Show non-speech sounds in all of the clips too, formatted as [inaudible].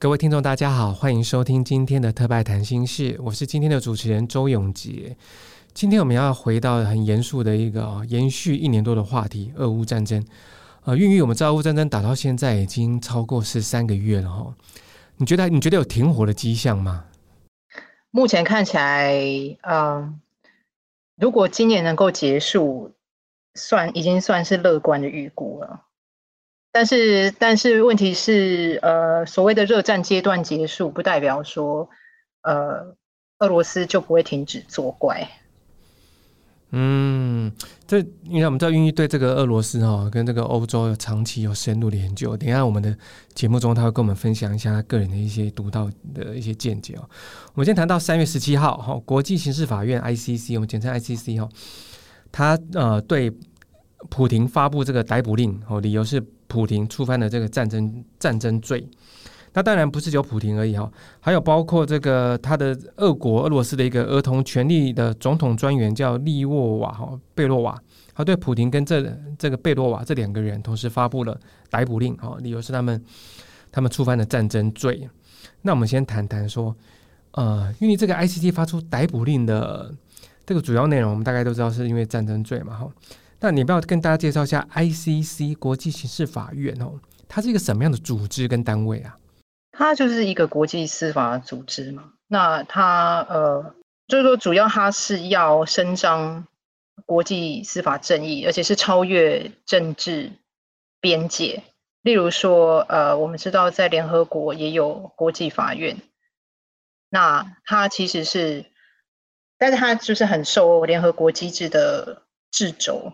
各位聽眾，大家好，歡迎收聽今天的特派談新事，我是今天的主持人周永捷。今天我們要回到很嚴肅的一個、哦、延續一年多的話題——俄烏戰爭。啊、呃，韻聿，我們，在俄烏戰爭打到現在已經超過十三個月了哈、哦。你覺得你覺得有停火的跡象嗎？目前看起來，嗯、呃，如果今年能夠結束，算已經算是樂觀的預估了。但是，但是，問題是，呃，所謂的熱戰階段結束，不代表說，呃，俄羅斯就不會停止作怪。嗯，這你看，因為我們知道韻聿對這個俄羅斯哈、哦、跟這個歐洲有長期有深入的研究。等一下我們的節目中，他會跟我們分享一下他個人的一些獨到的一些見解哦。我們先談到三月十七號哈、哦，國際刑事法院 （ICC） 我們簡稱 ICC 哈、哦，他呃對蒲亭發布這個逮捕令哦，理由是。蒲亭觸犯了這個戰爭戰爭罪，那當然不是只有蒲亭而已哈、哦，還有包括這個他的俄國俄羅斯的一個兒童權利的總統專員叫利沃瓦哈貝洛瓦。他對蒲亭跟這這個貝洛瓦這兩個人同時發布了逮捕令哈，理由是他們他們觸犯了戰爭罪。那我們先談談說，呃，因為這個 I C C 發出逮捕令的這個主要內容，我們大概都知道是因為戰爭罪嘛哈。那你不要跟大家介紹一下 ICC 國際刑事法院哦，它是一個什麼樣的組織跟單位啊？它就是一個國際司法組織嘛。那它呃，就是說主要它是要伸張國際司法正義，而且是超越政治邊界。例如說，呃，我們知道在聯合國也有國際法院，那它其實是，但是它就是很受聯合國機制的掣肘。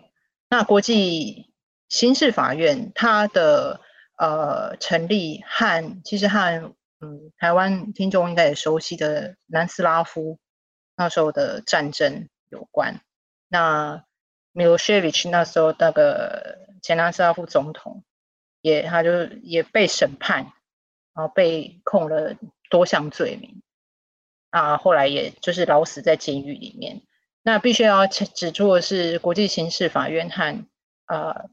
那國際刑事法院它的呃成立和其實和嗯台灣聽眾應該也熟悉的南斯拉夫那時候的戰爭有關。那米洛塞維奇那時候那個前南斯拉夫總統也他就也被審判，然後被控了多項罪名，啊後來也就是老死在監獄裡面。那必須要指指出的是，國際刑事法院和呃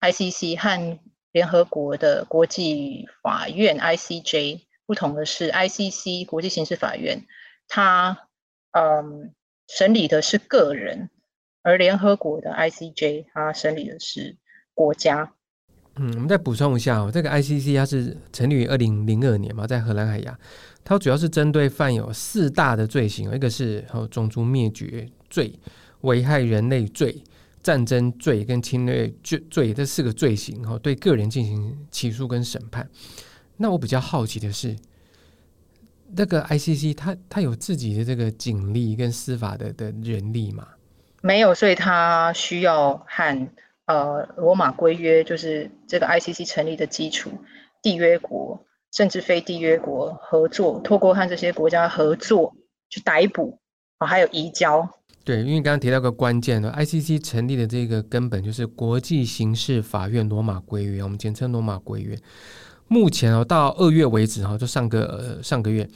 ，ICC 和聯合國的國際法院 （ICJ） 不同的是，ICC 國際刑事法院，它嗯呃、審理的是個人，而聯合國的 ICJ 它審理的是國家。嗯，我們再補充一下哦，這個 ICC 它是成立於二零零二年嘛，在荷蘭海牙，它主要是針對犯有四大的罪行，一個是還有種族滅絕罪、危害人類罪、戰爭罪跟侵略罪罪這四個罪行哦，對個人進行起訴跟審判。那我比較好奇的是，那個 ICC 它它有自己的這個警力跟司法的的人力嗎？沒有，所以它需要和呃羅馬規約，就是這個 ICC 成立的基礎，締約國甚至非締約國合作，透過和這些國家合作去逮捕啊、哦，還有移交。對，因為剛剛提到個關鍵的，ICC 成立的這個根本就是國際刑事法院羅馬規約，我們簡稱羅馬規約。目前哦，到二月為止哈，就上個呃上個月，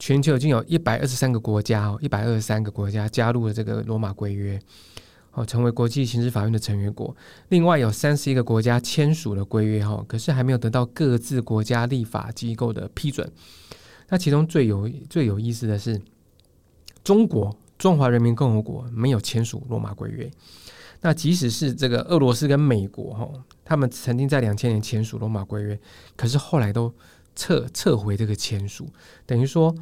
全球已經有一百二十三個國家哦，一百二十三個國家加入了這個羅馬規約，哦，成為國際刑事法院的成員國。另外有三十一個國家簽署了規約哈，可是還沒有得到各自國家立法機構的批准。那其中最有最有意思的是中國。中華人民共和國沒有簽署羅馬規約。那即使是這個俄羅斯跟美國，哈，他們曾經在兩千年簽署羅馬規約，可是後來都撤撤回這個簽署。等於說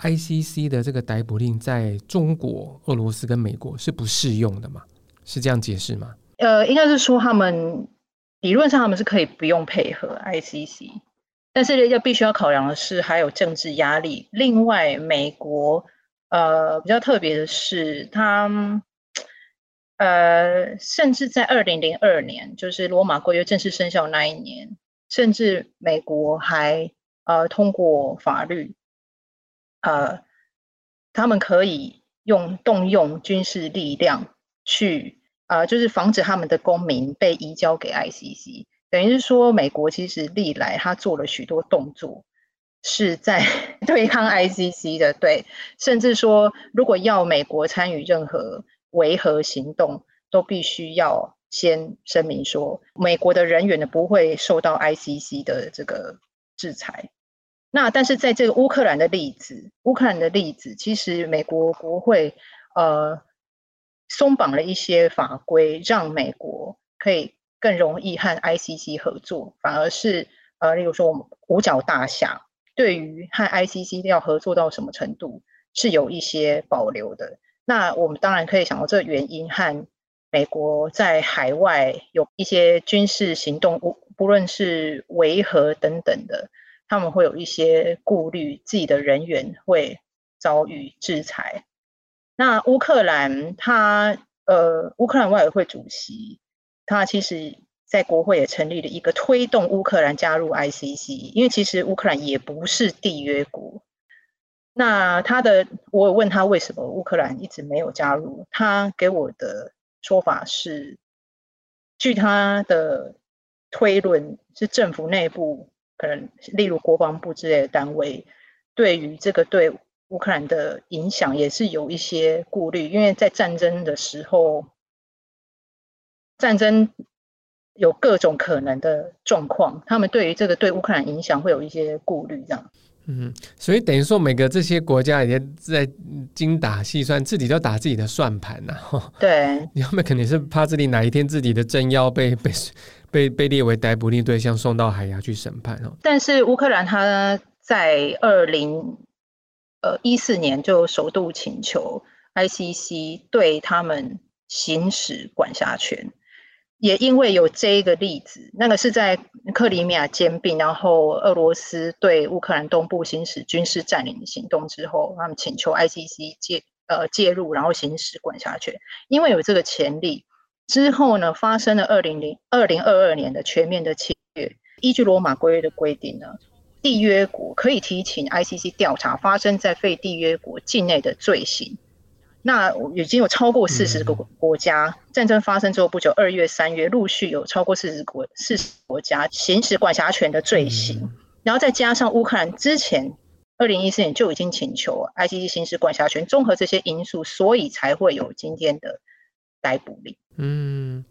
，ICC 的這個逮捕令在中國、俄羅斯跟美國是不適用的嗎？是這樣解釋嗎？呃，應該是說他們理論上他們是可以不用配合 ICC，但是要必須要考量的是還有政治壓力。另外，美國。呃，比較特別的是，他呃，甚至在二零零二年，就是《羅馬規約》正式生效那一年，甚至美國還呃通過法律，呃，他們可以用動用軍事力量去呃就是防止他們的公民被移交給 ICC，等於是說，美國其實歷來他做了許多動作。是在對抗 ICC 的，對，甚至說，如果要美國參與任何維和行動，都必須要先聲明說，美國的人員呢不會受到 ICC 的這個制裁。那但是在這個烏克蘭的例子，烏克蘭的例子，其實美國國會呃鬆綁了一些法規，讓美國可以更容易和 ICC 合作，反而是呃，例如說我們五角大廈。對於和 ICC 要合作到什麼程度，是有一些保留的。那我們當然可以想到，這原因和美國在海外有一些軍事行動，不論是維和等等的，他們會有一些顧慮，自己的人員會遭遇制裁。那烏克蘭它，他呃，烏克蘭外委會主席，他其實。在國會也成立了一個推動烏克蘭加入 ICC，因為其實烏克蘭也不是締約國。那他的我有問他為什麼烏克蘭一直沒有加入，他給我的說法是，據他的推論是政府內部可能例如國防部之類的單位對於這個對烏克蘭的影響也是有一些顧慮，因為在戰爭的時候戰爭。有各種可能的狀況，他們對於這個對烏克蘭影響會有一些顧慮，這樣。嗯，所以等於說每個這些國家也在精打細算，自己都打自己的算盤吶、啊。對，他們肯定是怕自己哪一天自己的政要被被被被列為逮捕令對象，送到海牙去審判。但是烏克蘭他在二零呃一四年就首度請求 ICC 對他們行使管轄權。也因為有這一個例子，那個是在克里米亞兼併，然後俄羅斯對烏克蘭東部行使軍事佔領的行動之後，他們請求 ICC 介、呃介入，然後行使管轄權。因為有這個前例之後呢，發生了二零零二零二二年的全面的侵略。依據羅馬規約的規定呢，締約國可以提請 ICC 調查發生在非締約國境內的罪行。那已經有超過四十個國家，嗯、戰爭發生之後不久，二月、三月陸續有超過四十國、四十國家行使管轄權的罪行，嗯、然後再加上烏克蘭之前二零一四年就已經請求 I C C 行使管轄權，綜合這些因素，所以才會有今天的逮捕令。嗯，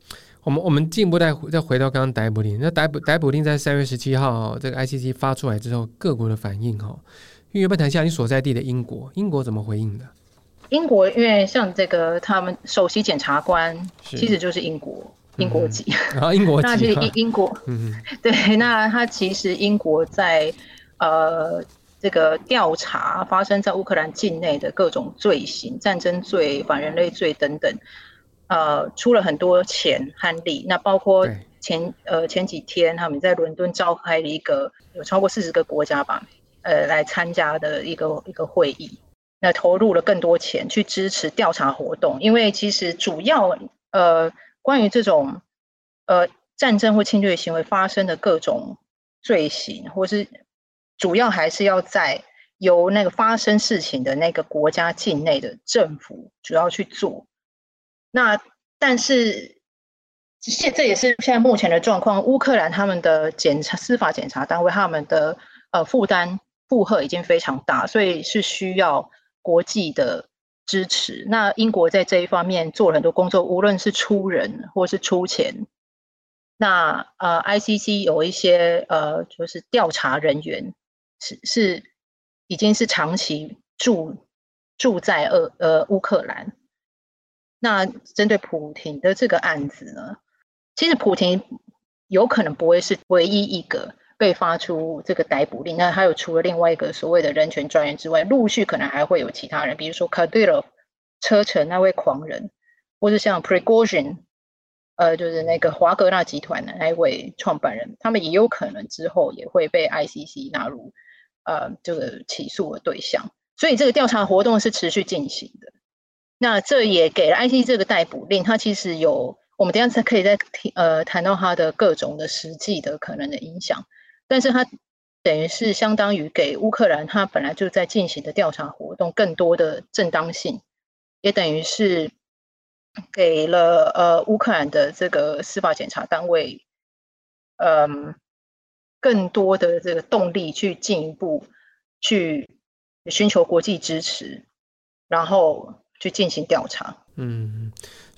我們我們進一步再再回到剛剛逮捕令，那逮捕逮捕令在三月十七號這個 I C C 發出來之後，各國的反應哈，因為要不談一下你所在地的英國，英國怎麼回應的？英國，因為像這個，他們首席檢察官其實就是英國是英國籍，然英國籍， [laughs] 那英英國，嗯哼，對，那他其實英國在呃這個調查發生在烏克蘭境內的各種罪行、戰爭罪、反人類罪等等，呃，出了很多錢和力，那包括前對呃前幾天他們在倫敦召開了一個有超過四十個國家吧，呃，來參加的一個一個會議。那投入了更多錢去支持調查活動，因為其實主要呃，關於這種呃戰爭或侵略行為發生的各種罪行，或是主要還是要在由那個發生事情的那個國家境內的政府主要去做。那但是現這也是現在目前的狀況，烏克蘭他們的檢察司法檢察單位他們的呃負擔負荷已經非常大，所以是需要。國際的支持，那英國在這一方面做了很多工作，無論是出人或是出錢。那呃，ICC 有一些呃，就是調查人員是是已經是長期住住在呃呃烏克蘭。那針對蒲亭的這個案子呢，其實蒲亭有可能不會是唯一一個。被發出這個逮捕令，那還有除了，另外一個所謂的人權專員之外，陸續可能還會有其他人，比如說卡迪羅車臣那位狂人，或者像 Prigozhin 呃，就是那個華格納集團的那一位創辦人，他們也有可能之後也會被 ICC 納入呃這個起訴的對象，所以這個調查活動是持續進行的。那這也給了 ICC 這個逮捕令，它其實有我們等下才可以再呃談到它的各種的實際的可能的影響。但是它，等於是相當於給烏克蘭它本來就在進行的調查活動更多的正當性，也等於是給了呃烏克蘭的這個司法檢察單位，嗯，更多的這個動力去進一步去尋求國際支持，然後去進行調查。嗯。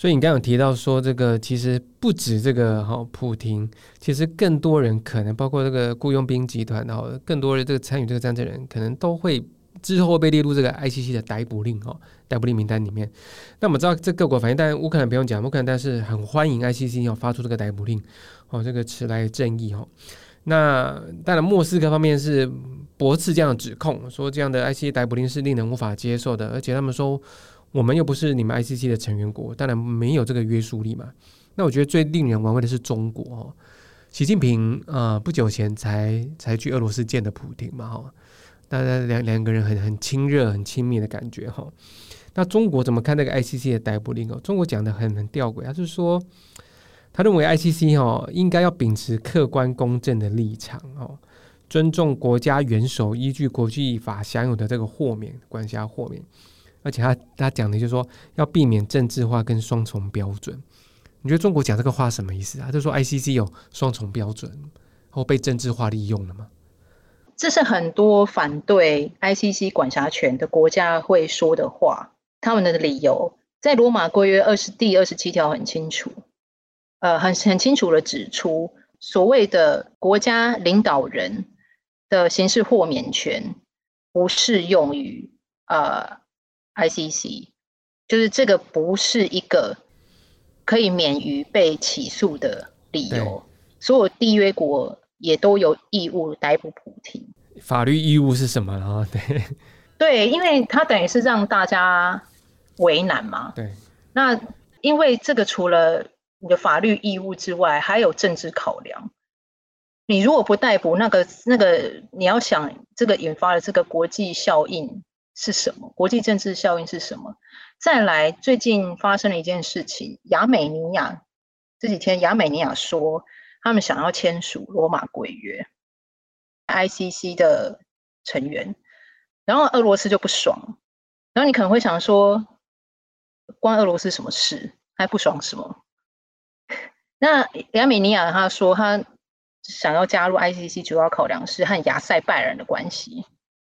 所以你剛剛有提到說，這個其實不止這個哈，蒲亭，其實更多人可能包括這個僱傭兵集團，然後更多的這個參與這個戰爭的人，可能都會之後被列入這個 I C C 的逮捕令哦，逮捕令名單裡面。那我們知道，這各國反應，但烏克蘭不用講，烏克蘭是很歡迎 I C C 要發出這個逮捕令哦，這個遲來的正義哦。那當然，莫斯科方面是駁斥這樣的指控，說這樣的 I C C 逮捕令是令人無法接受的，而且他們說，我們又不是你們 ICC 的成員國，當然沒有這個約束力嘛。那我覺得最令人玩味的是中國哦，習近平啊、呃、不久前才才去俄羅斯見的普丁嘛哈、哦，大家兩兩個人很很親熱，很親密的感覺哈、哦。那中國怎麼看那個 ICC 的逮捕令哦？中國講得很很吊詭，他是說他認為 ICC 哦應該要秉持客觀公正的立場哦，尊重國家元首依據國際法享有的這個豁免管轄豁免。而且他他講的就是說要避免政治化跟雙重標準，你覺得中國講這個話什麼意思他、啊？就是說 ICC 有雙重標準，或被政治化利用了嗎？這是很多反對 ICC 管轄權的國家會說的話，他們的理由在《羅馬規約》二十第二十七條很清楚，呃，很很清楚的指出所謂的國家領導人的刑事豁免權不適用於呃。ICC 就是這個不是一個可以免於被起訴的理由，哦、所有締約國也都有義務逮捕蒲亭。法律義務是什麼呢？然後對，對，因為它等於是讓大家為難嘛。對，那因為這個除了你的法律義務之外，還有政治考量。你如果不逮捕那個那個，那個、你要想這個引發了這個國際效應。是什麼？國際政治效應是什麼？再來，最近發生了一件事情：亞美尼亞這幾天，亞美尼亞說他們想要簽署羅馬規約 （ICC 的成員），然後俄羅斯就不爽。然後你可能會想說，關俄羅斯什麼事？還不爽什麼？那亞美尼亞他說他想要加入 ICC，主要考量是和亞塞拜然的關係。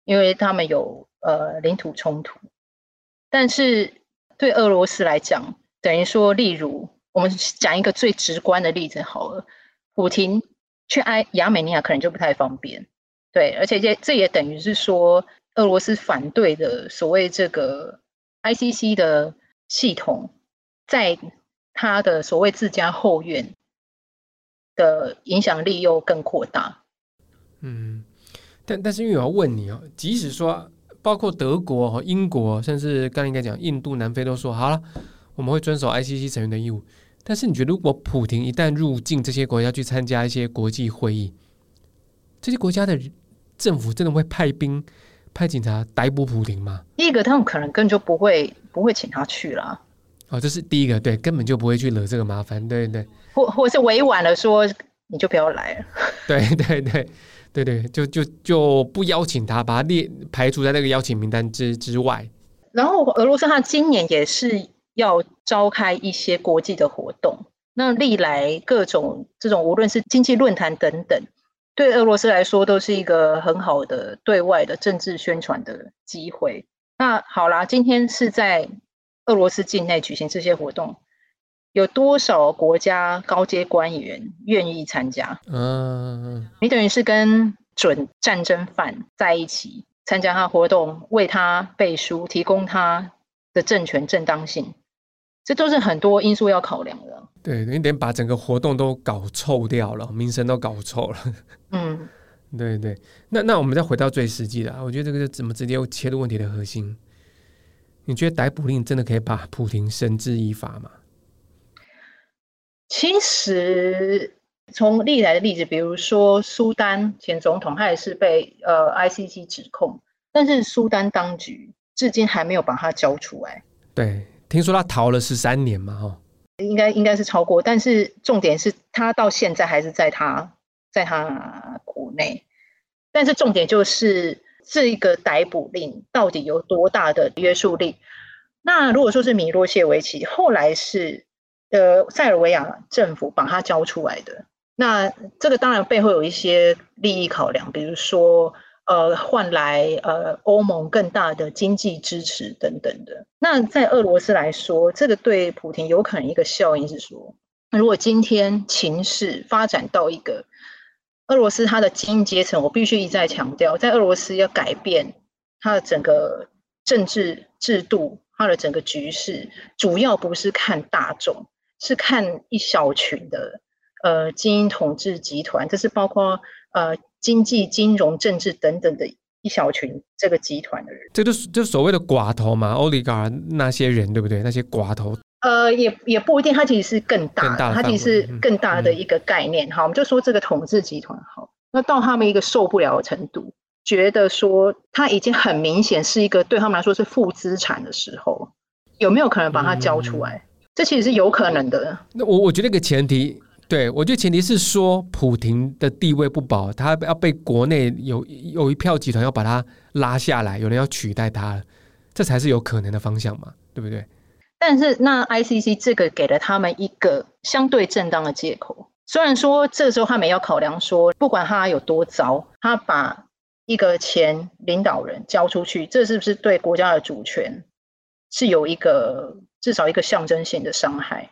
因為他們有呃領土衝突，但是對俄羅斯來講，等於說，例如我們講一個最直觀的例子好了，蒲亭去埃，亞美尼亞可能就不太方便，對，而且這這也等於是說，俄羅斯反對的所謂這個 I C C 的系統，在他的所謂自家後院的影響力又更擴大，嗯。但但是，因為我要問你哦，即使說包括德國和英國，甚至剛剛應該講印度、南非都說好了，我們會遵守 ICC 成員的義務。但是，你覺得如果蒲亭一旦入境這些國家去參加一些國際會議，這些國家的政府真的會派兵派警察逮捕蒲亭嗎？第一個，他們可能根本就不會不會請他去了。哦，這是第一個，對，根本就不會去惹這個麻煩。對對,對，或或是委婉的說。你就不要來了。 [laughs] 對對對，對對，就就就不邀請他，把他列排除在那個邀請名單之之外。然後，俄羅斯它今年也是要召開一些國際的活動。那歷來各種這種，無論是經濟論壇等等，對俄羅斯來說都是一個很好的對外的政治宣傳的機會。那好啦，今天是在俄羅斯境內舉行這些活動。有多少國家高階官員願意參加？嗯，你等於是跟準戰爭犯在一起參加他活動，為他背書，提供他的政權正當性，這都是很多因素要考量的。對，你得等把整個活動都搞臭掉了，名聲都搞臭了。 [laughs] 嗯，對，對對。那那我們再回到最實際的，我覺得這個是怎麼直接切入問題的核心？你覺得逮捕令真的可以把蒲亭繩之以法嗎？其實，從歷來的例子，比如說蘇丹前總統，他也是被呃 ICC 指控，但是蘇丹當局至今還沒有把他交出來。對，聽說他逃了十三年嘛，哈、哦，應該應該是超過，但是重點是他到現在還是在他在他國內。但是重點就是這個逮捕令到底有多大的約束力？那如果說是米洛謝維奇，後來是。呃，塞爾維亞政府把它交出來的，那這個當然背後有一些利益考量，比如說呃換來呃歐盟更大的經濟支持等等的。那在俄羅斯來說，這個對蒲亭有可能一個效應是說，如果今天情勢發展到一個俄羅斯，它的精英階層，我必須一再強調，在俄羅斯要改變它的整個政治制度，它的整個局勢，主要不是看大眾。是看一小群的，呃，精英統治集團，就是包括呃經濟、金融、政治等等的一小群這個集團的人。這就是就所謂的寡頭嘛，oligar 那些人，對不對？那些寡頭，呃，也也不一定，他其實是更大的，大的他其實是更大的一個概念哈、嗯嗯。我們就說這個統治集團好，那到他們一個受不了的程度，覺得說他已經很明顯是一個對他們來說是負資產的時候，有沒有可能把它交出來？嗯這其實是有可能的。那我我覺得一個前提，對，我覺得前提是說，蒲亭的地位不保，他要被國內有有一票集團要把他拉下來，有人要取代他，這才是有可能的方向嘛，對不對？但是那 ICC 這個給了他們一個相對正當的借口。雖然說這時候他們要考量說，不管他有多糟，他把一個前領導人交出去，這是不是對國家的主權是有一個？至少一個象徵性的傷害，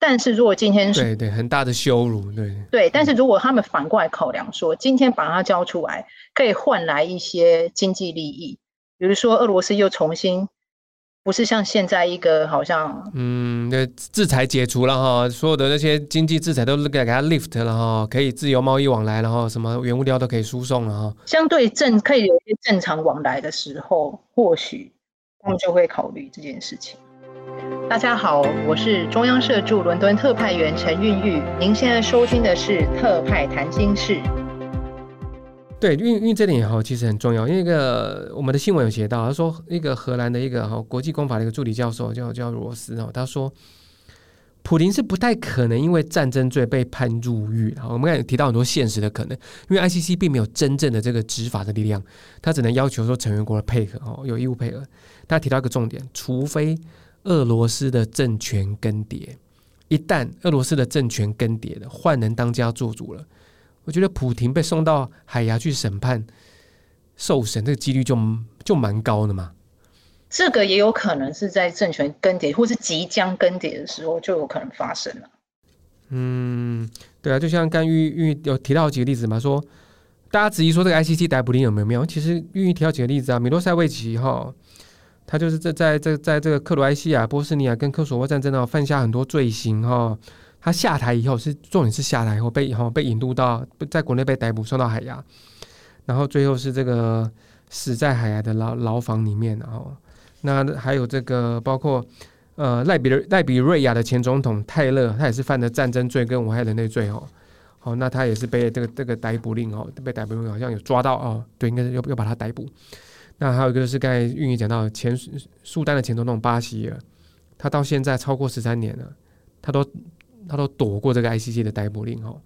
但是如果今天是對對很大的羞辱，對對，對，但是如果他們反過來考量說，嗯、今天把它交出來，可以換來一些經濟利益，比如說俄羅斯又重新不是像現在一個好像嗯，那制裁解除了哈，所有的那些經濟制裁都給給它 lift 了哈，可以自由貿易往來了，了哈什麼原物料都可以輸送了哈，相對正可以有一些正常往來的時候，或許他們就會考慮這件事情。大家好，我是中央社駐倫敦特派員陳韻聿。您現在收聽的是《特派談新事》對。對，因為這點也好，其實很重要。因為一個我們的新聞有寫到，他說一個荷蘭的一個哈、哦、國際公法的一個助理教授叫叫羅斯，他、哦、說，蒲亭是不太可能因為戰爭罪被判入獄。哦、我們剛才也提到很多現實的可能，因為 ICC 並沒有真正的這個執法的力量，他只能要求說成員國的配合哦，有義務配合。他提到一個重點，除非。俄羅斯的政權更迭，一旦俄羅斯的政權更迭了，換人當家做主了，我覺得蒲亭被送到海牙去審判、受審，這個幾率就就蠻高的嘛。這個也有可能是在政權更迭或是即將更迭的時候就有可能發生了。嗯，對啊，就像剛玉玉有提到幾個例子嘛，說大家質疑說這個 ICC 逮捕令有沒有沒有？其實玉玉提到幾個例子啊，米洛塞維奇哈。他就是這在這在這個克羅埃西亞、波斯尼亞跟科索沃戰爭呢，犯下很多罪行哦。他下台以後是重點是下台以後被被引渡到在國內被逮捕，送到海牙，然後最後是這個死在海牙的牢牢房裡面。然後那還有這個包括呃賴比賴比瑞亞的前總統泰勒，他也是犯的戰爭罪跟危害人類罪哦。哦，那他也是被這個這個逮捕令哦，被逮捕令好像有抓到哦，對，應該是要要把他逮捕。那還有一個是剛才韻聿講到前蘇丹的前總統巴席爾，他到現在超過十三年了，他都他都躲過這個 ICC 的逮捕令哦。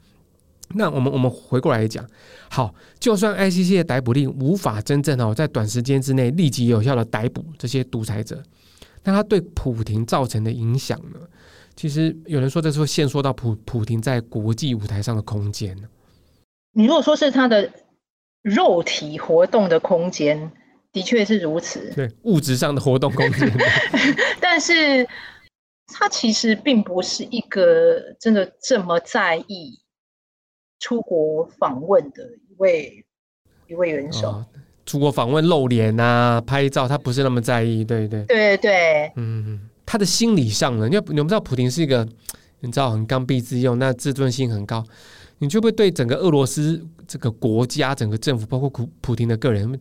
那我們我們回過來講，好，就算 ICC 的逮捕令無法真正哦，在短時間之內立即有效的逮捕這些獨裁者，那他對蒲亭造成的影響呢？其實有人說這是會限縮到蒲蒲亭在國際舞台上的空間。你如果說是他的肉體活動的空間。的確是如此。對，物質上的活動工資， [laughs] 但是他其實並不是一個真的這麼在意出國訪問的一位一位元首。哦、出國訪問露臉啊，拍照，他不是那麼在意。對對對對，對對。嗯，他的心理上呢？你為你們知道，蒲亭是一個，你知道，很剛愎自用，那自尊心很高。你就不會對整個俄羅斯這個國家、整個政府，包括蒲蒲亭的個人。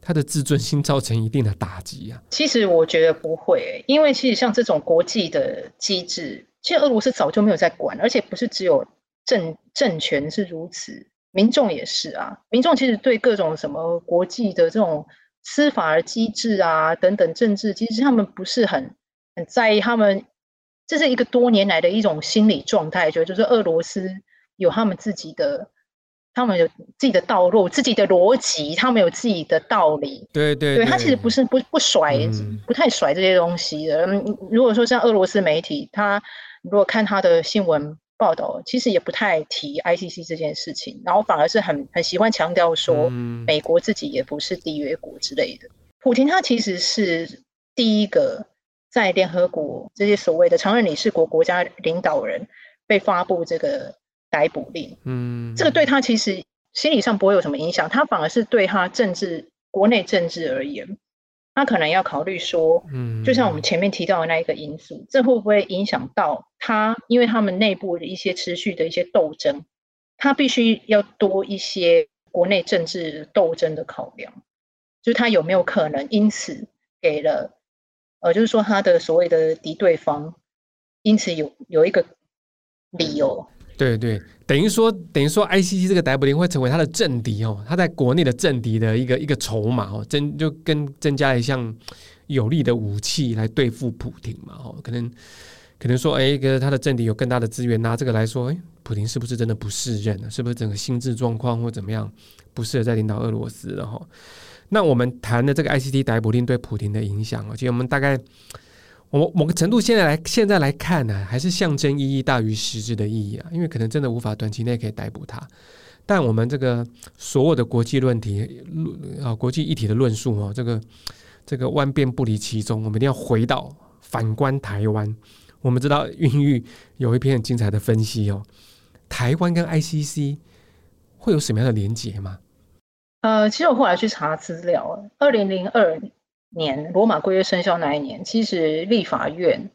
他的自尊心造成一定的打擊呀。其實我覺得不會欸，因為其實像這種國際的機制，其實俄羅斯早就沒有在管，而且不是只有政政權是如此，民眾也是啊。民眾其實對各種什麼國際的這種司法機制啊等等政治，其實他們不是很很在意他們，這是一個多年來的一種心理狀態，就就是俄羅斯有他們自己的。他們有自己的道路，自己的邏輯，他們有自己的道理。對對對,對，他其實不是不不甩，嗯、不太甩這些東西的。如果說像俄羅斯媒體，他如果看他的新聞報道，其實也不太提 ICC 這件事情，然後反而是很很喜歡強調說，美國自己也不是締約國之類的。嗯、蒲亭他其實是第一個在聯合國這些所謂的常任理事國國家領導人被發布這個。逮捕令，嗯，這個對他其實心理上不會有什麼影響，他反而是對他政治國內政治而言，他可能要考慮說，嗯，就像我們前面提到的那一個因素，嗯，這會不會影響到他？因為他們內部的一些持續的一些鬥爭，他必須要多一些國內政治鬥爭的考量，就是他有沒有可能因此給了，呃，就是說他的所謂的敵對方，因此有有一個理由。嗯對對，等於說，等於說，ICC 這個逮捕令會成為他的政敵哦，他在國內的政敵的一個一個籌碼哦，增，就跟增加了一項有力的武器來對付蒲亭嘛哦，可能可能說，誒、哎，一個他的政敵有更大的資源拿這個來說，誒、哎，蒲亭是不是真的不適任，是不是整個心智狀況或怎麼樣不適合再領導俄羅斯了哦？哈，那我們談的這個 ICC 逮捕令對蒲亭的影響哦，其實我們大概。我某個程度現在來現在來看呢、啊，還是象徵意義大於實質的意義啊，因為可能真的無法短期內可以逮捕他。但我們這個所有的國際論題、論啊國際議題的論述啊、喔，這個這個萬變不離其宗，我們一定要回到反觀台灣。我們知道韻聿有一篇很精彩的分析哦、喔，台灣跟 ICC 會有什麼樣的連結嗎？呃，其實我後來去查資料了，二零零二年年羅馬規約生效那一年，其實立法院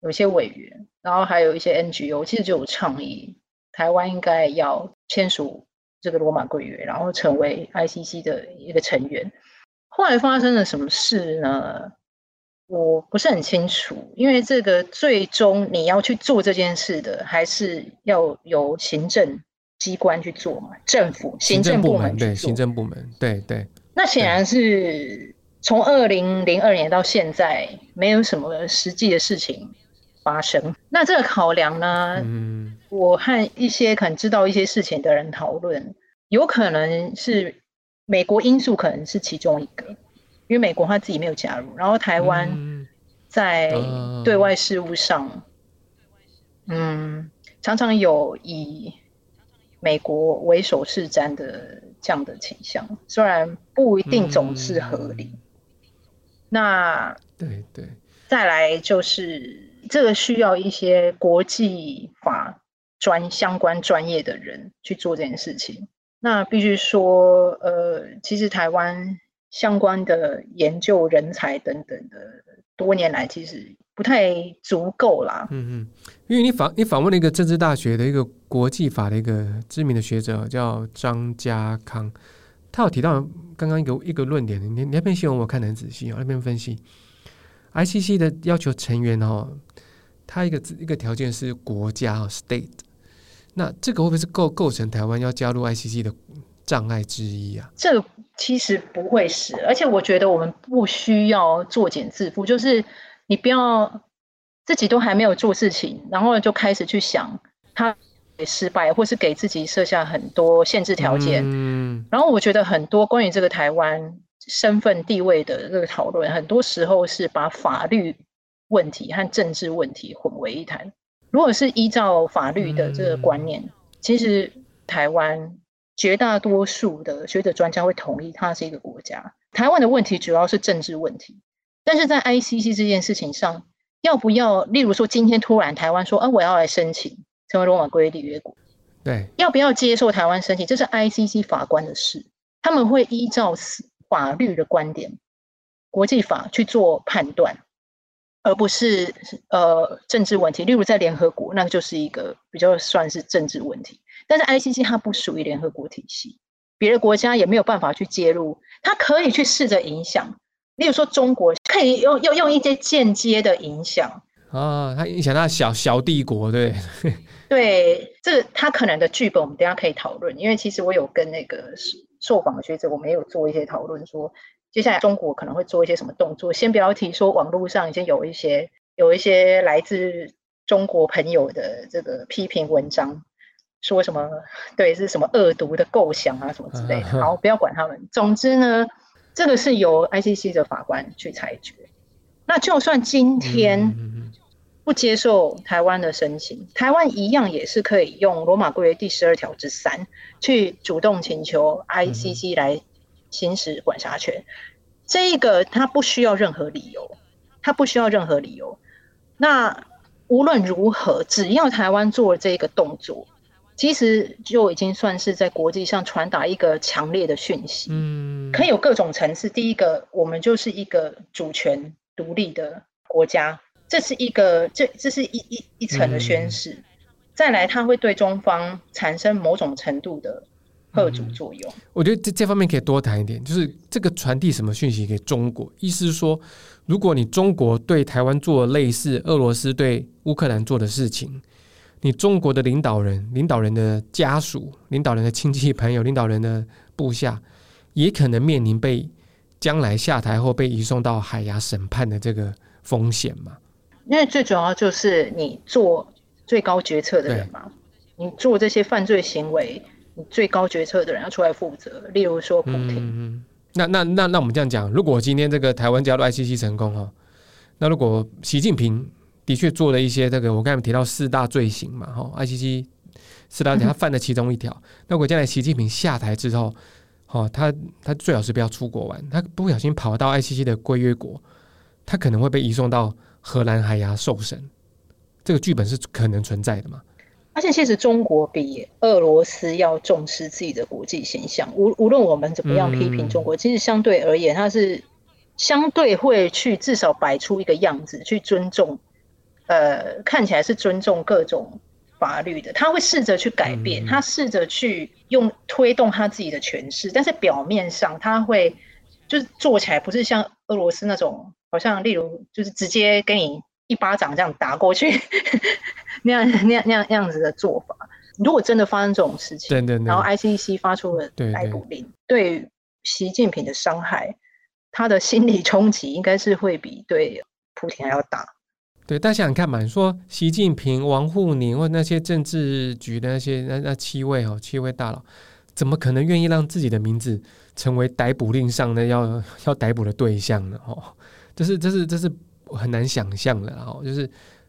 有些委員，然後還有一些 NGO，其實就有倡議，台灣應該要簽署這個羅馬規約，然後成為 ICC 的一個成員。後來發生了什麼事呢？我不是很清楚，因為這個最終你要去做這件事的，還是要由行政機關去做嘛，政府，行政部門，對，行政部門，對對，對對那顯然是。從二零零二年到現在，沒有什麼實際的事情發生。那這個考量呢？嗯，我和一些可能知道一些事情的人討論，有可能是美國因素，可能是其中一個，因為美國他自己沒有加入，然後台灣在對外事務上，嗯，嗯，嗯，常常有以美國為首是瞻的這樣的傾向，雖然不一定總是合理。嗯嗯那對對，再來就是這個需要一些國際法專相關專業的人去做這件事情。那必須說，呃，其實台灣相關的研究人才等等的，多年來其實不太足夠啦。嗯嗯，因為你訪你訪問了一個政治大學的一個國際法的一個知名的學者，叫張家康。他有提到剛剛一個一個論點，你你那邊新聞我看得很仔細啊，那邊分析 ICC 的要求成員哦，他一個一個條件是國家 state，那這個會不會是構構成台灣要加入 ICC 的障礙之一啊？這個其實不會是，而且我覺得我們不需要作繭自縛，就是你不要自己都還沒有做事情，然後就開始去想他。也失敗，或是給自己設下很多限制條件。嗯，然後我覺得很多關於這個台灣身份地位的這個討論，很多時候是把法律問題和政治問題混為一談。如果是依照法律的這個觀念，嗯、其實台灣絕大多數的學者專家會同意它是一個國家。台灣的問題主要是政治問題，但是在 ICC 這件事情上，要不要？例如說，今天突然台灣說：“啊、我要來申請。”成為羅馬規約締約國，對要不要接受台灣申請，這是 ICC 法官的事。他們會依照法律的觀點、國際法去做判斷，而不是呃政治問題。例如在聯合國，那就是一個比較算是政治問題。但是 ICC 它不屬於聯合國體系，別的國家也沒有辦法去介入。它可以去試着影響，例如說中國可以用用一些間接的影響。啊、哦，他影響到小小帝國，對 [laughs] 對，這個、他可能的劇本，我們等下可以討論。因為其實我有跟那個受訪的學者，我們有做一些討論說，說接下來中國可能會做一些什麼動作。先不要提說網絡上已經有一些有一些來自中國朋友的這個批評文章，說什麼對是什麼惡毒的構想啊什麼之類的。 [laughs] 好，不要管他們。總之呢，這個是由 ICC 的法官去裁決。那就算今天。嗯嗯嗯不接受台灣的申請，台灣一樣也是可以用《羅馬規約》第十二條之三去主動請求 ICC 來行使管轄權。嗯。這一個它不需要任何理由，它不需要任何理由。那無論如何，只要台灣做了這個動作，其實就已經算是在國際上傳達一個強烈的訊息。嗯，可以有各種層次。第一個，我們就是一個主權獨立的國家。這是一個，這這是一一一層的宣示。嗯、再來，它會對中方產生某種程度的嚇阻作用。我覺得這這方面可以多談一點，就是這個傳遞什麼訊息給中國？意思是說，如果你中國對台灣做類似俄羅斯對烏克蘭做的事情，你中國的領導人、領導人的家屬、領導人的親戚朋友、領導人的部下，也可能面臨被將來下台後被移送到海牙審判的這個風險嘛？因為最主要就是你做最高決策的人嘛，對你做這些犯罪行為，你最高決策的人要出來負責。例如說古，普京、嗯。那那那那，那那我們這樣講，如果今天這個台灣加入 ICC 成功哈、哦，那如果習近平的確做了一些這個，我剛才提到四大罪行嘛哈、哦、，ICC 四大罪行，嗯、他犯了其中一條。那我將來習近平下台之後，哦，他他最好是不要出國玩，他不小心跑到 ICC 的規約國，他可能會被移送到，荷蘭海牙受審，這個劇本是可能存在的嗎？而且其實中國比俄羅斯要重視自己的國際形象。無無論我們怎麼樣批評中國，嗯、其實相對而言，它是相對會去至少擺出一個樣子去尊重，呃，看起來是尊重各種法律的。他會試着去改變，他試着去用推動他自己的詮釋，但是表面上他會就是做起來，不是像俄羅斯那種。好像，例如，就是直接給你一巴掌這樣打過去， [laughs] 那樣那樣那樣樣子的做法。如果真的發生這種事情，對對對，然後 ICC 發出了逮捕令，對習近平的傷害，他的心理衝擊應該是會比對蒲亭還要大。對，大家想看嘛？你說習近平、王滬寧或那些政治局的那些那那七位哦，七位大佬，怎麼可能願意讓自己的名字成為逮捕令上的要要逮捕的對象呢？哦。這是這是這是很難想象的、哦，然後就是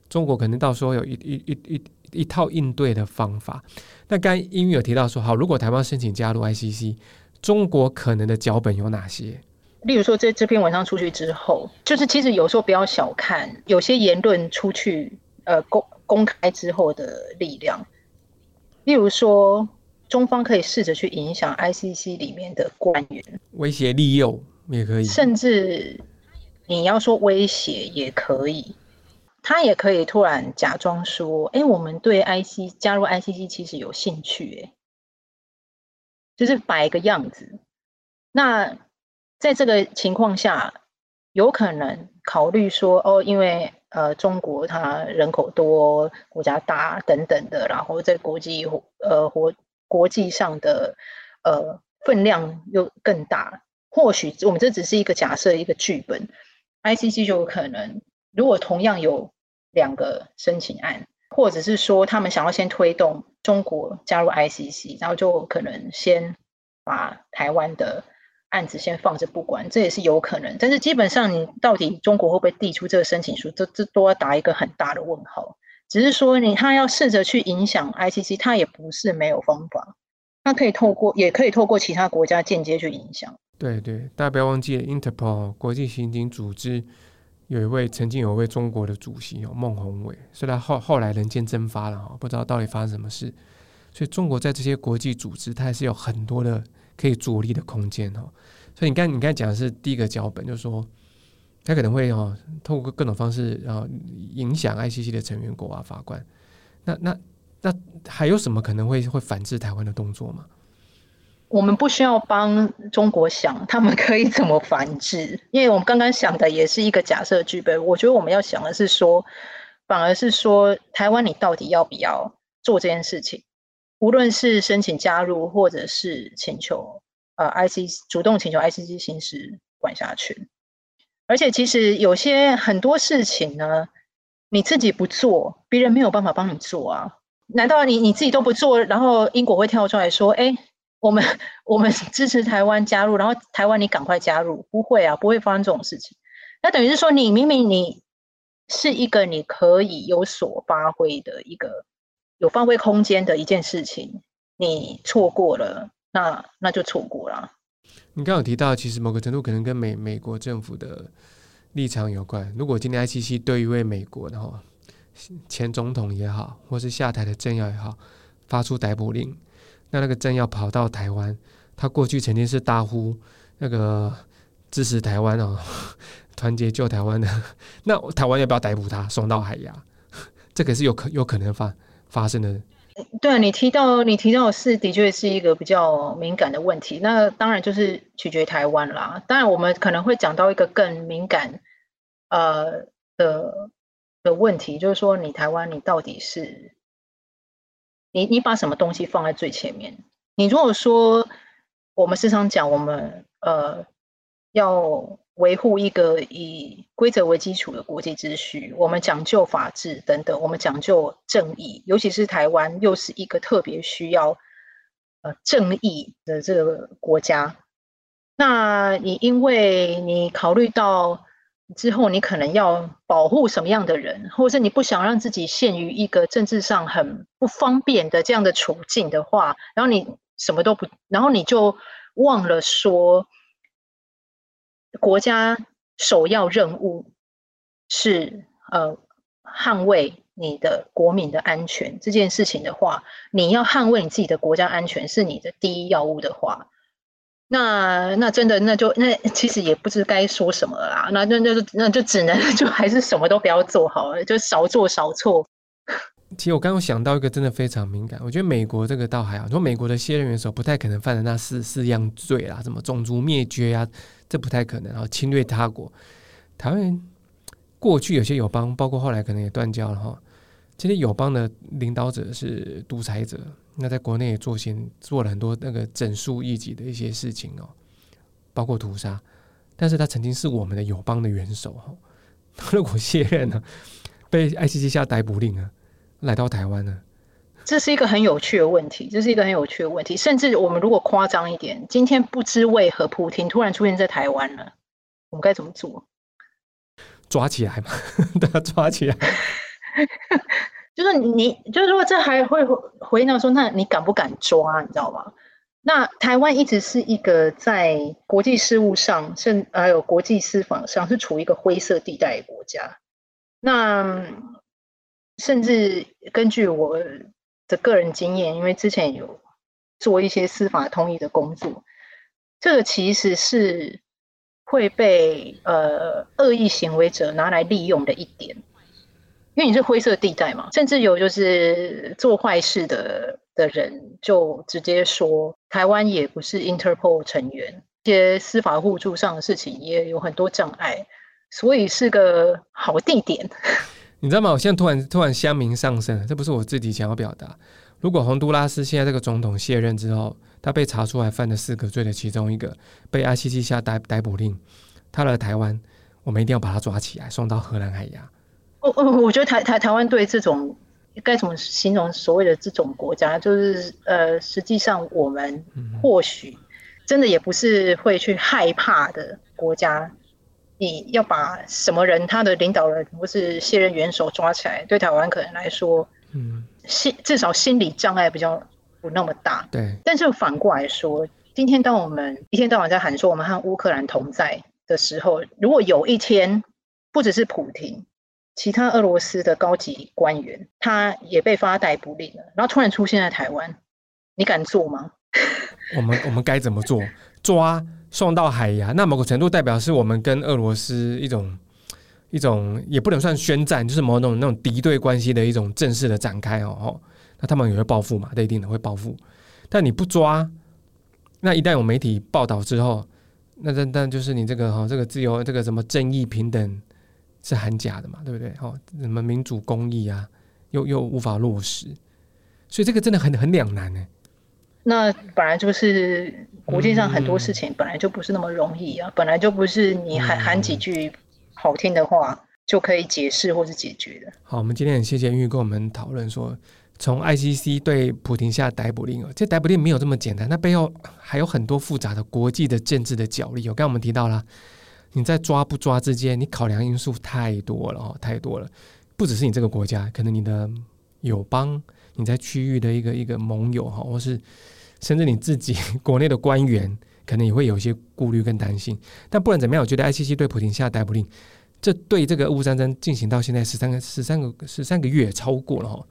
中國可能到時候有一一一一一,一套應對的方法。那剛韻聿有提到說，好，如果台灣申請加入 ICC，中國可能的腳本有哪些？例如說，這這篇文章出去之後，就是其實有時候不要小看有些言論出去呃公公開之後的力量。例如說，中方可以試着去影響 ICC 裡面的官員，威脅利誘也可以，甚至。你要說威脅也可以，他也可以突然假裝說：“哎、欸，我們對 IC 加入 ICC 其實有興趣。”哎，就是擺一個樣子。那在這個情況下，有可能考慮說：“哦，因為呃，中國它人口多，國家大等等的，然後在國際呃活國際上的呃分量又更大。或許我們這只是一個假設，一個劇本。” ICC 就有可能，如果同樣有兩個申請案，或者是說他們想要先推動中國加入 ICC，然後就可能先把台灣的案子先放着不管，這也是有可能。但是基本上，你到底中國會不會遞出這個申請書，這這都要打一個很大的問號。只是說你他要試着去影響 ICC，他也不是沒有方法，他可以透過，也可以透過其他國家間接去影響。對對，大家不要忘記，Interpol 國際刑警組織有一位曾經有一位中國的主席哦，孟宏偉，雖然後後來人間蒸發了哈、哦，不知道到底發生什麼事。所以中國在這些國際組織，它還是有很多的可以着力的空間哈、哦。所以你剛你剛講的是第一個腳本，就是說他可能會哈、哦，透過各種方式然後啊影響 ICC 的成員國啊法官。那那那還有什麼可能會會反制台灣的動作嗎？我們不需要幫中國想他們可以怎麼反制，因為我們剛剛想的也是一個假設劇本。我覺得我們要想的是說，反而是說台灣，你到底要不要做這件事情？無論是申請加入，或者是請求呃 ICC 主動請求 ICC 行使管轄權。而且其實有些很多事情呢，你自己不做，別人沒有辦法幫你做啊。難道你你自己都不做，然後英國會跳出來說，哎、欸？我們我們支持台灣加入，然後台灣你趕快加入，不會啊，不會發生這種事情。那等於是說你，你明明你是一個你可以有所發揮的一個有發揮空間的一件事情，你錯過了，那那就錯過了。你剛剛有提到，其實某個程度可能跟美美國政府的立場有關。如果今天 ICC 對一位美國的哈前總統也好，或是下台的政要也好，發出逮捕令。像那，那個政要跑到台灣，他過去曾經是大呼那個支持台灣哦，團結救台灣的，那台灣要不要逮捕他，送到海牙？這個是有可有可能發發生的。對，你提到你提到的是的確是一個比較敏感的問題，那當然就是取決台灣啦。當然我們可能會講到一個更敏感呃的的問題，就是說你台灣你到底是？你你把什麼東西放在最前面？你如果說我們時常講，我們呃要維護一個以規則為基礎的國際秩序，我們講究法治等等，我們講究正義，尤其是台灣又是一個特別需要呃正義的這個國家，那你因為你考慮到。之後，你可能要保護什麼樣的人，或者是你不想讓自己陷於一個政治上很不方便的這樣的處境的話，然後你什麼都不，然後你就忘了說，國家首要任務是呃捍衛你的國民的安全這件事情的話，你要捍衛你自己的國家安全是你的第一要務的話。那那真的那就那其實也不知該說什麼啦，那那那就那就只能就還是什麼都不要做好了，就少做少錯。 [laughs] 其實我剛剛我想到一個真的非常敏感，我覺得美國這個倒還好啊，你說美國的現任元首不太可能犯的那四四樣罪啦，什麼種族滅絕啊，這不太可能，然後侵略他國。台灣過去有些友邦，包括後來可能也斷交了哈，其實友邦的領導者是獨裁者。那在國內也做些做了很多那個整肅異己的一些事情哦，包括屠殺。但是他曾經是我們的友邦的元首哈、哦。如果卸任了，啊，被 ICC 下逮捕令啊，來到台灣呢，啊？這是一個很有趣的問題，這是一個很有趣的問題。甚至我們如果誇張一點，今天不知為何蒲亭突然出現在台灣了，我們該怎麼做？抓起來嘛，大家抓起來。 [laughs] 就是你，就是說這還會回回到說，那你敢不敢抓？你知道嗎？那台灣一直是一個在國際事務上，甚還有國際司法上是處於一個灰色地帶的國家。那甚至根據我的個人經驗，因為之前有做一些司法通譯的工作，這個其實是會被呃惡意行為者拿來利用的一點。因為你是灰色地帶嘛，甚至有就是做壞事的的人，就直接說台灣也不是 Interpol 成員，一些司法互助上的事情也有很多障礙，所以是個好地點。 [laughs] 你知道嗎？我現在突然突然鄉民上身了。這不是我自己想要表達。如果洪都拉斯現在這個總統卸任之後，他被查出來犯了四個罪的其中一個，被 ICC 下逮,逮捕令，他來台灣，我們一定要把他抓起來，送到荷蘭海牙。我我覺得台台台灣對這種該怎麼形容所謂的這種國家，就是呃，實際上我們或許真的也不是會去害怕的國家。你要把什麼人，他的領導人或是卸任元首抓起來，對台灣可能來說，嗯，心至少心理障礙比較不那麼大。對，但是反過來說，今天當我們一天到晚在喊說我們和烏克蘭同在的時候，如果有一天不只是蒲亭。其他俄羅斯的高級官員，他也被發逮捕令然後突然出現在台灣，你敢做嗎？ [laughs] 我們我們該怎麼做？抓送到海牙，那某個程度代表是我們跟俄羅斯一種一種也不能算宣戰，就是某種那種敵對關係的一種正式的展開哦。那他們也會報復嘛，這一定會報復，但你不抓，那一旦有媒體報道之後，那那那就是你這個哈、哦、這個自由這個什麼正義平等。是很假的嘛，對不對？哦，什麼民主、公義啊，又又無法落實，所以這個真的很很兩難呢。那本來就是國際上很多事情本來就不是那麼容易啊，嗯、本來就不是你喊、嗯、喊幾句好聽的話、嗯、就可以解釋或是解決的。好，我們今天很謝謝韻聿跟我們討論說，從 I C C 對蒲亭下逮捕令哦，這逮捕令沒有這麼簡單，那背後還有很多複雜的國際的政治的角力、哦。有剛，剛我們提到了。你在抓不抓之間，你考量因素太多了哦，太多了。不只是你這個國家，可能你的友邦，你在區域的一個一個盟友哈，或是甚至你自己國內的官員，可能也會有一些顧慮跟擔心。但不管怎麼樣，我覺得 ICC 對蒲亭下逮捕令，這對這個俄烏戰爭進行到現在十三個、十三個、十三個月超過了哈，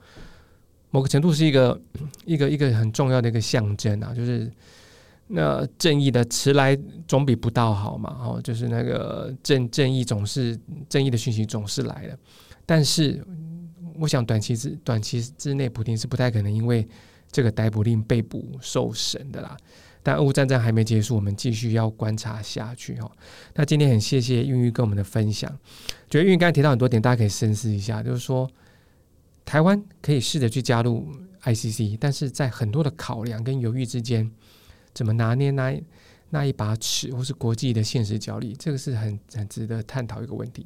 某個程度是一個一個一個很重要的一個象徵啊，就是。那正義的遲來總比不到好嘛，哦，就是那個正正義總是正義的訊息總是來的，但是我想短期之短期之內，蒲亭是不太可能因為這個逮捕令，被捕受審的啦。但俄烏戰爭還沒結束，我們繼續要觀察下去哈。那今天很謝謝韻聿跟我們的分享，覺得韻聿剛才提到很多點，大家可以深思一下，就是說台灣可以試着去加入 ICC，但是在很多的考量跟猶豫之間。怎麼拿捏那一、那一把尺，或是國際的現實角力，這個是很很值得探討一個問題。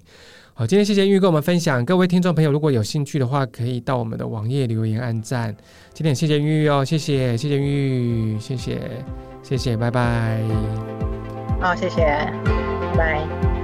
好，今天謝謝韻聿跟我們分享。各位聽眾朋友，如果有興趣的話，可以到我們的網頁留言按讚。今天謝謝韻聿哦，謝謝謝謝韻聿，謝謝謝謝，拜拜。好，謝謝，拜拜。哦謝謝 Bye.